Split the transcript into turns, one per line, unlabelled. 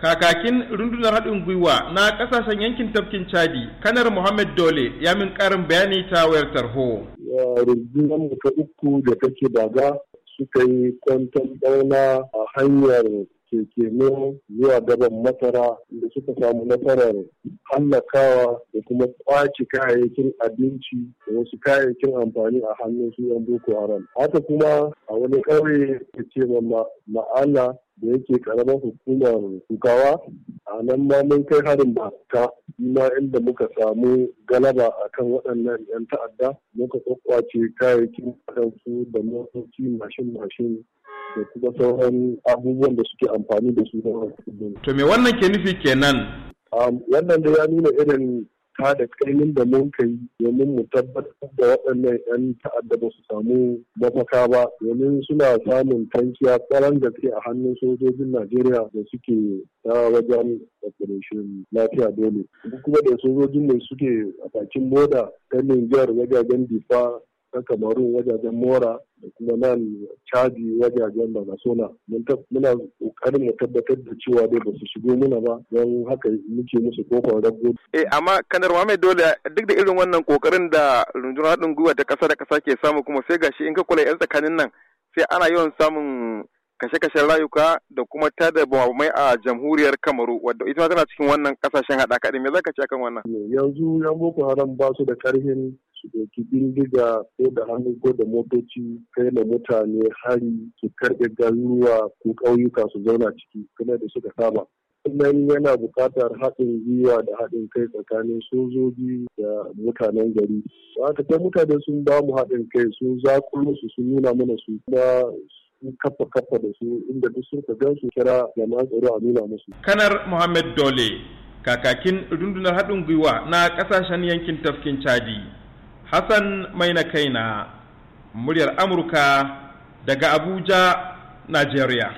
kakakin rundunar haɗin gwiwa na ƙasashen yankin tafkin chadi kanar muhammad dole ya min ƙarin bayani ta wayar tarho
rundunar mu ta uku da take daga suka yi kwanton ɗauna a hanyar ne zuwa gaban masara da suka samu nasarar hallakawa da kuma ƙwace kayayyakin abinci da wasu kayayyakin amfani a hannun su yan boko haram haka kuma a wani ƙauye da ce ma'ana da yake karamar hukumar kukawa a nan ma mun kai harin ba ta ma inda muka samu galaba a kan waɗannan 'yan ta'adda muka kwakwace kayayyakin kansu da motoci mashin-mashin da kuma sauran abubuwan da suke amfani da su da To me wannan ke nufi kenan? Wannan da ya nuna irin ta da kainin da mun yi domin mu tabbatar da waɗannan 'yan ta'adda ba su samu mafaka ba domin suna samun tankiya tsaron gaske a hannun sojojin Najeriya da suke ta wajen operation lafiya dole. Kuma da sojojin mai suke a bakin boda ta Nijar wajajen Difa ta Kamarun wajajen Mora da kuma nan caji wajajen da na muna ƙoƙarin mu tabbatar da cewa dai ba su shigo muna ba don haka muke musu kofar rago.
eh amma kanar mai dole duk da irin wannan ƙoƙarin da rundunar haɗin gwiwa ta ƙasa da ƙasa ke samu kuma sai gashi in ka kula yan tsakanin nan sai ana yawan samun kashe-kashen rayuka da kuma ta da bamai a jamhuriyar kamaru wadda ita tana cikin wannan kasashen haɗa kaɗai me zaka ce akan wannan
eh, yanzu yan boko haram ba su da karhin su ɗauki bindiga ko da hannu ko da motoci kai da mutane hari su karɓe garuruwa ko ƙauyuka su zauna ciki kuma da suka saba sannan yana buƙatar haɗin gwiwa da haɗin kai tsakanin sojoji da mutanen gari haka ta mutane sun ba mu haɗin kai sun zaƙo su sun nuna mana su kuma kafa kafa da su inda duk sun ga su kira jami'an tsaro a nuna musu.
Kanar Muhammad Dole kakakin rundunar
haɗin gwiwa
na ƙasashen yankin tafkin Chadi. Hassan mai Maina Kaina muryar Amurka daga Abuja, Najeriya.